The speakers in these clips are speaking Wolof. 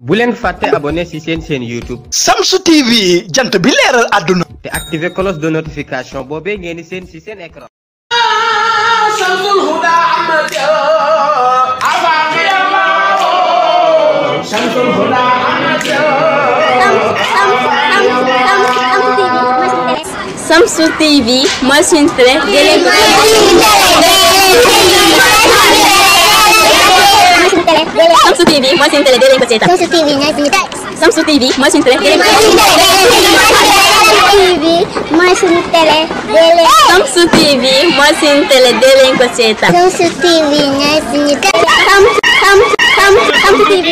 bu len faté abonné ci sen sen YouTube Samsung TV jant bi leral aduna té activer cloche de notification bobé ngeen sen ci sen écran samsul huda amad afaaqi Allah samsul huda amad Samsung TV mooy suñu TV mooy suñu télé dinañ ko seetaan. Samsu TV ñooy suñu télé. Samsu TV mooy suñu télé. dinañ ko seetaan mooy suñu télé. Samsu TV mooy suñu télé dinañ ko seetaan. Samsu TV ñooy suñu télé. Samsu Samsu Samsu Samsu TV.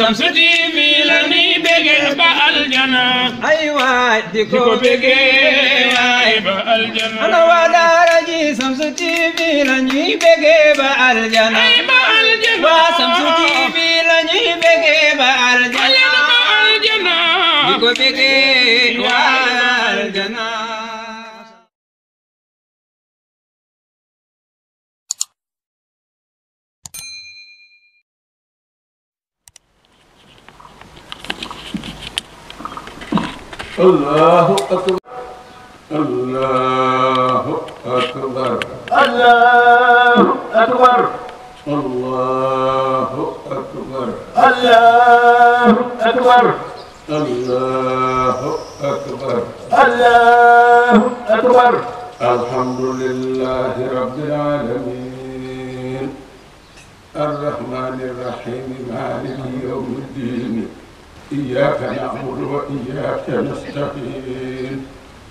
Samsu TV la ñuy bégee ba aljana. ay waay di ko bégee waay ba aljana. شمس تيبي لني بجيب الجنة وشمس تيبي لني بجيب الجنة بيكو بيكي والجنة الله أكبر الله أكبر الله أكبر الله أكبر الله أكبر الله أكبر الله أكبر الحمد لله رب العالمين الرحمن الرحيم مالك يوم الدين إياك نعبد وإياك نستعين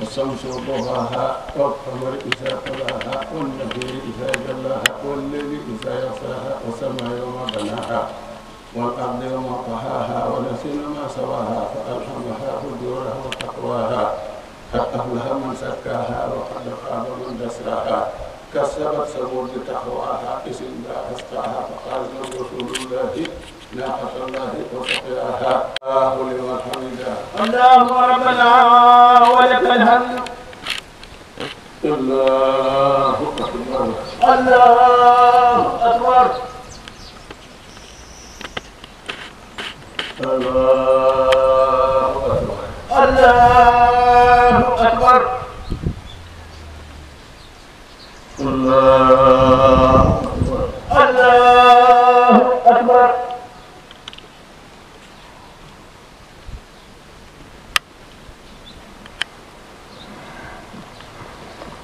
والشمس وضحاها والقمر إذا طلاها والنبي إذا جلاها والليل إذا يصلاها والسماء وما بناها والأرض وما طحاها ونسينا ما سواها فألهمها فجورها وتقواها قد من سكاها وقد خاب من دساها كسبت ثمود بتقواها إسم لا أسقاها فقال رسول الله ناقة الله وسقياها الله لمن حمده الله ربنا والهم الله أكبر الله أكبر الله أكبر الله أكبر الله أكبر الله أكبر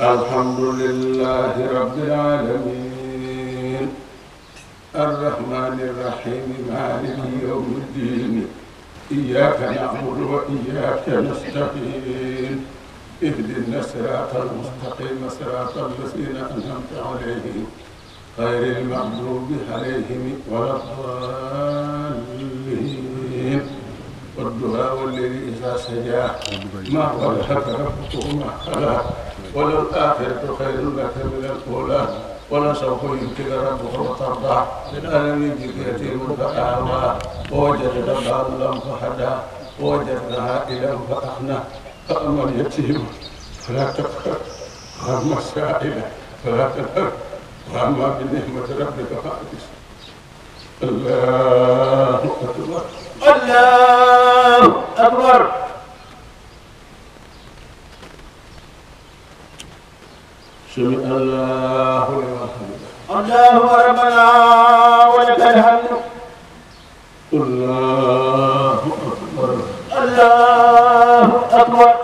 الحمد لله رب العالمين الرحمن الرحيم مالك يوم الدين إياك نعبد وإياك نستقيم اهدنا الصراط المستقيم صراط الذين أنعمت عليهم غير المغضوب عليهم ولا الضالين والدعاء الذي إذا سجى ما ضحك ربك وما خلق وللآخرة خير لك من الأولى ولسوف يمكن ربك وترضى من ألم يجيك يتيم فأعوى ووجدنا ضالا فهدى ووجدنا عائلا فأغنى فأما اليتيم فلا تفكر وأما السائل فلا تفكر وأما بنعمة ربك فأحدث الله أكبر الله أكبر سمع الله الله ربنا ولك الحمد الله أكبر الله أكبر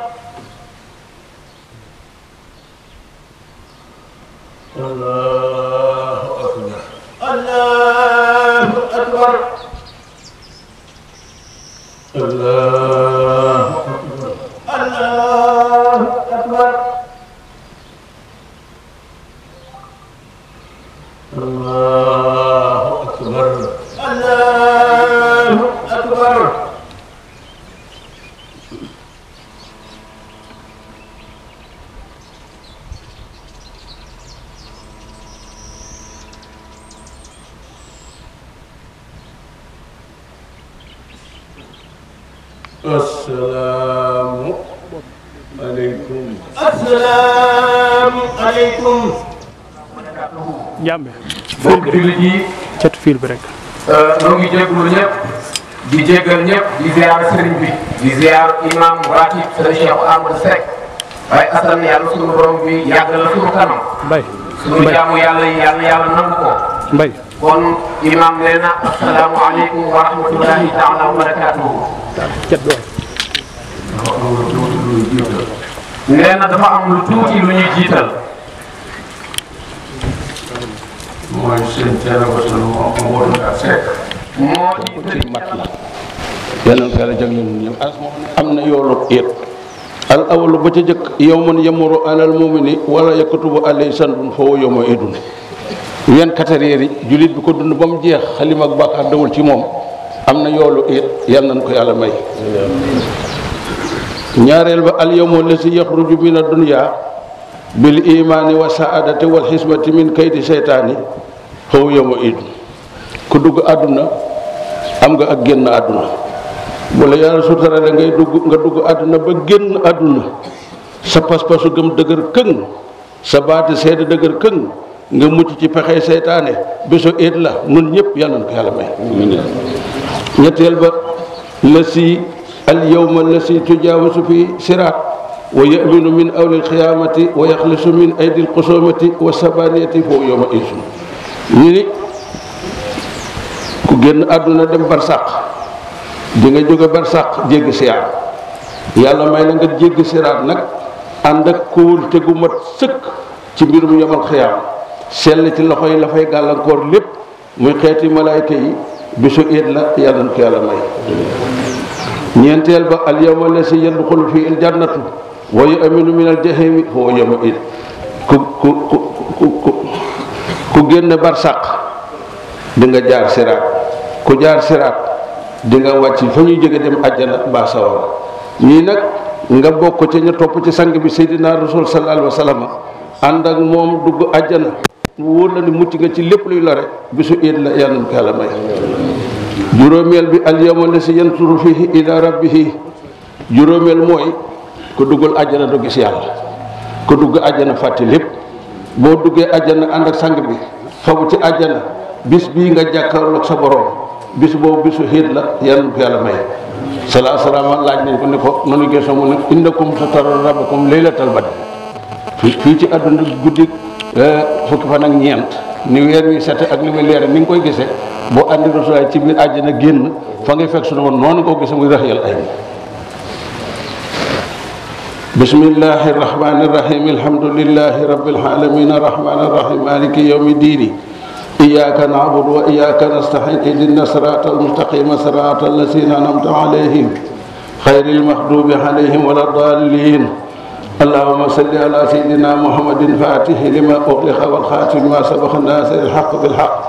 الله أكبر الله asalaamu aleykum asalaamu aleykum njàmbe bokk jullit yi catu bi rek noo euh, ngi jéglu ñëpp di jéggal ñëpp bi di ziar imam ratib sëriñ Cheikh waaye asan yàlla suñu borom bi yàgg la suñu mbay suñu jaamu yàlla yi yàlla yàlla mbay kon imam Lena, na asalaamu aleykum wa rahmatullahi taala wa barakatuhu nee na dafa am lu tuuti lu ñuy jiital mooy seen teela ba sunu mbootu ak sekk moo di sëriñ mat la yàlla ko yàlla jagleel ñun ñëpp yoolu it al awalu ba ca jëkk yow yamuru alal mumini wala yakutubu alay sandun foofu yow idun vingt-quatre yi jullit bi ko dund ba mu jeex xalima ak bàkkaar dawul ci moom am na yoolu it yal nañ ko yàlla may ñaareel ba al yawma lasi yaxruju min ad-dunya bil imaani wa saadati wal xismati min kaydi seytaani xaw yawma it ku dugg àdduna am nga ak génn àdduna wala yàlla sutarale ngay dugg nga dugg àdduna ba génn àdduna sa pas-pasu gëm dëgër këng sa baati seede dëgër këng nga mucc ci pexe seytaane bésu eet la nun ñëpp yàlla na ko yàlla may ñetteel ba la si al yawma la si tujaawasu fi siraat wa yaminu min awli alxiyaamati wa yaxlisu min aydi alxusumati wa sabaniyati foofu yawma isu ñu ni ku génn àdduna dem barsàq di nga jóge barsàq jéggi siraat yàlla may na nga jéggi siraat nag ànd ak kóol te sëkk ci mbirum yomal xiyaam sell ci loxo yi la fay gàllankoor lépp muy xeeti malaayka yi bisu iid la yàlla na ko yàlla may ñeenteel ba al yawma lasi yadxulu fi il jannatu wa yu'minu min al jahimi huwa yawma iid ku ku ku ku ku génn barsàq di nga jaar siraat ku jaar siraat di nga wàcc fa ñuy jege dem àjjana mbaa sawara ñii nag nga bokk ci ñu topp ci sang bi seydinaa rasul sallallahu alayhi wa sallam ànd ak moom dugg àjjana wóor la ni mucc nga ci lepp luy lore bisu id la mu kala may juromel bi al yawma la yansuru fihi ila rabbih juromel moy ko duggal aljana do gis yalla ko dugg aljana fatte lepp bo duggee aljana and ak sang bi bisu ci aljana bis bi nga sa borom bis bo bisu hidla, la mu kala may salaa salaama laaj ni ko ne ko nonu gesso mo ne indakum gudik. rabbakum badr fi ci بسم الله الرحمن الرحيم الحمد لله رب العالمين الرحمن الرحيم مالك يوم الدين إياك نعبد وإياك نستعين اهدنا الصراط المستقيم صراط الذين أنعمت عليهم خير المغضوب عليهم ولا الضالين اللهم صل على سيدنا محمد الفاتح لما أغلق والخاتم ما سبق الناس الحق بالحق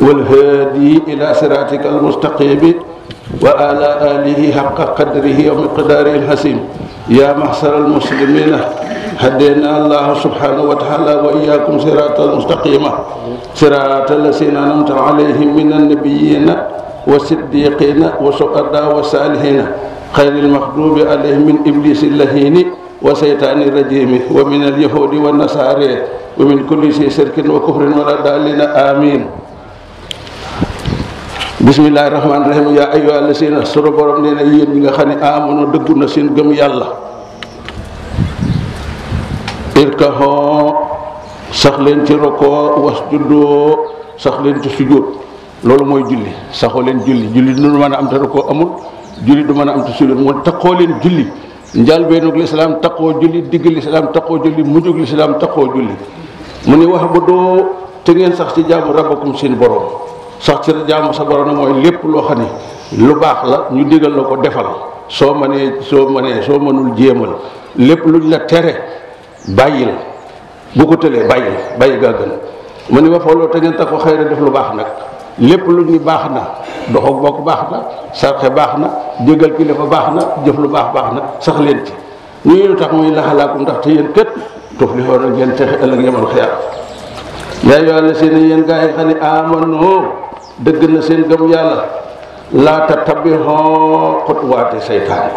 والهادي إلى صراطك المستقيم وعلى آله حق قدره ومقداره الحسين يا محسر المسلمين هدينا الله سبحانه وتعالى وإياكم صراطا مستقيما صراط الذين أنعمت عليهم من النبيين والصديقين والشهداء والصالحين خير المخلوب عليهم من إبليس اللهين وشيطان الرجيم ومن اليهود والنصارى ومن كل شيء شرك وكفر ولا ضالين آمين بسم الله الرحمن الرحيم يا أيها الذين سورة بروم nee na yéen ñi nga xam ne aamanu dëggu na seen gëm yàlla irkaxoo sax leen ci rokoo was juddoo sax leen ci sujjóot loolu mooy julli saxoo leen julli julli du mën a am te rokoo amul julli du mën a am te sujjóot mooy taxoo leen julli njalbeenug islaam takkoo julli digg lislaam taqoo julli mujjug lislaam taqoo julli mu ni wax ba doo te ngeen sax ci jaamu rabbakum seen borom sax ci jaamu sa borom nag mooy lépp loo xam ne lu baax la ñu digal la ko defal soo mënee soo mënee soo mënul jéemal lépp luñ la tere bàyyil bu ko tëlee bàyyil bàyyi gaa gën mu ni waxooloo te ngeen tax ko xëy def lu baax nag lepp lu ni baxna na doxu bokk baax na sarxe baax na jégal kilifa baax na lu bax baxna na sax len ci ñu lu tax muy laxalaakum ndax te yeen kët tok li horo ngeen texe ëllëg yemal xiyaar ya yàlla seen yeen gaay xani amanu ne na seen gëm yalla la tabbi xoo xutwaate seytaane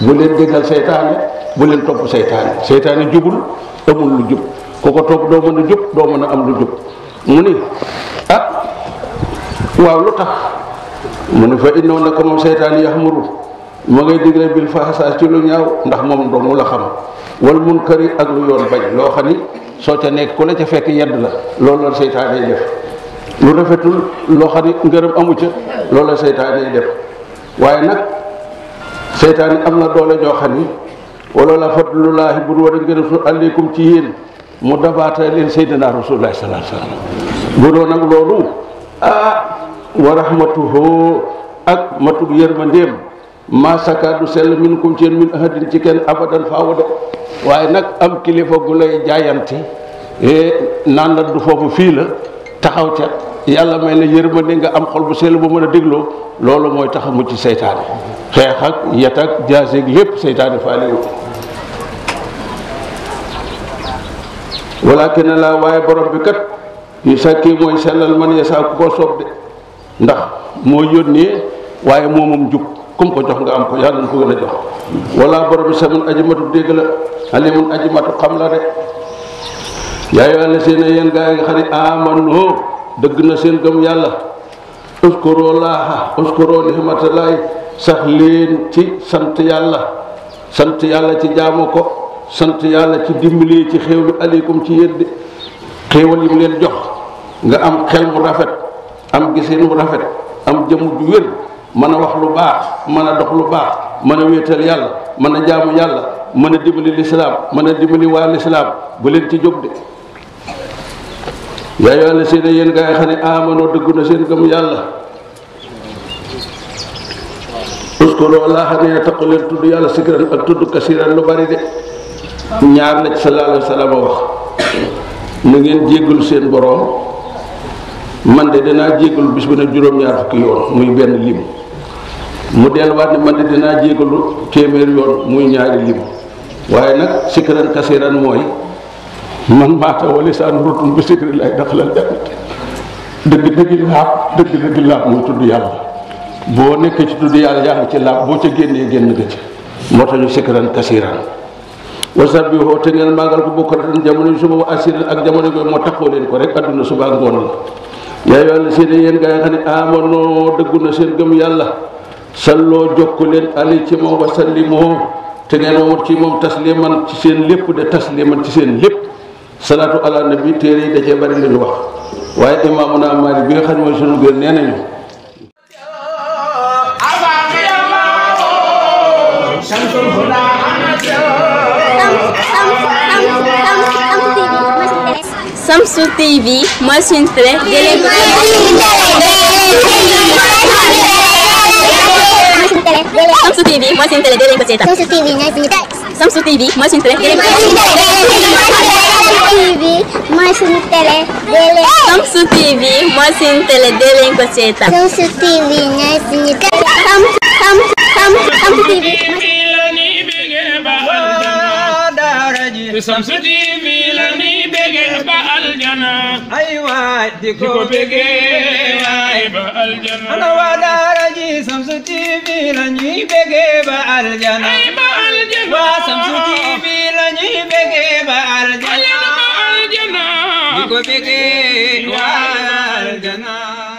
bu len déggal shaytan bu len top shaytan shaytan jubul amul lu jub koko top do meuna jub am lu jub muni ah waaw lu tax mu ne fa innaw naka moom seytaan yaxmuru ma ngay digle bil faxasaa ci lu ñaaw ndax moom dong la xam wal munkari ak lu yoon bañ loo xam ni soo ca nekk ku la ca fekk yedd la loolu la seytaane def lu rafetul loo xam ni ngërëm amu ca loolu la seytaane def waaye nag seytaane am na doole ñoo xam ni wala la fadlullaahi bu war a ngërëm su aleykum ci yéen mu dabaata leen seydina rasulullaahi sallallaahu alayhi wa bu doon nag loolu ah wa rahmatuhu ak matug yërmandeem maa saka du sell min kum ci yéen min ahadin ci kenn abadan faawa do waaye nag am kilifa gu lay jaayante naan la du foofu fii la taxaw ca yàlla may la yërmande nga am xol bu sell bu mën a dégloo loolu mooy taxa a mucc seytaane xeex ak yet ak lépp seytaane faale wu walakin la waaye borom bi kat yu sakkee mooy sellal man ya saa ku soob de ndax moo yónnee waaye moo moom jub ko jox nga am ko yàlla na ko gën a jox walla borom bi samun ajimatu dégg la alimun ajimatu xam la de yaa yoo àlla seen yéen gaa yi nga xam amano dëgg na seen gëm yàlla uskuro laaha uskuro nihmatalaay sax leen ci sant yàlla sant yàlla ci jaamu ko sant yàlla ci dimbalee ci xéewlu aleykum ci yéen de xéewal yi mu leen jox nga am xel mu rafet am gisin mu rafet am jëmm ju wér mën a wax lu baax mën a dox lu baax mën a wéetal yàlla mën a jaamu yàlla mën a dimbali lislaam mën a dimbali waa lislaam bu leen ci jóg de yaa yoo la seen yéen gaa yi xam ne amanoo dëggu na seen gëm tudd yàlla sikran ak lu bari de ñaar la ci sallallahu alayhi wax na ngeen jéggalu seen boroom man de danaa jéggalu bis bu ne juróom-ñaar fukki yoon muy benn lim mu delluwaat ne man de danaa jéggalu téeméer yoon muy ñaari lim waaye nag sikkiran kasiran mooy man maata wala saan rotun bi sikri lay daxalal jannat dëgg dëgg laab dëgg dëgg laab muy tudd yàlla boo nekk ci tudd yàlla yaa ngi ci laab boo ca génnee génn nga ci moo tax sikkiran kasiran wasabbihu te ngeen màggal ko bukratan jamono yi suba wa asirin ak jamono yooyu moo taxoo leen ko rek adduna su ak ngoon la yaay wàlla seen yéen gaa yi xam ne amanoo dëggu na seen gëm yàlla salloo jokk leen ali ci moom wa sallimoo te ngeen moom ci moom tasliman ci seen lépp de tasliman ci seen lépp salaatu ala nabi téere yi da cee bari lu ñu wax waaye imaamuna Maalik bi nga xam mooy sunu gën nee nañu Shamsu TV mooy suñu télé Shamsu TV mooy suñu télé dégg ko seetaan Shamsu TV mooy suñu télé aljana ay waay di ko bege waay ba aljana ana waa daara ji Shamsu TV la ñuy bege ba aljana ay ba aljana di ko bege waay aljana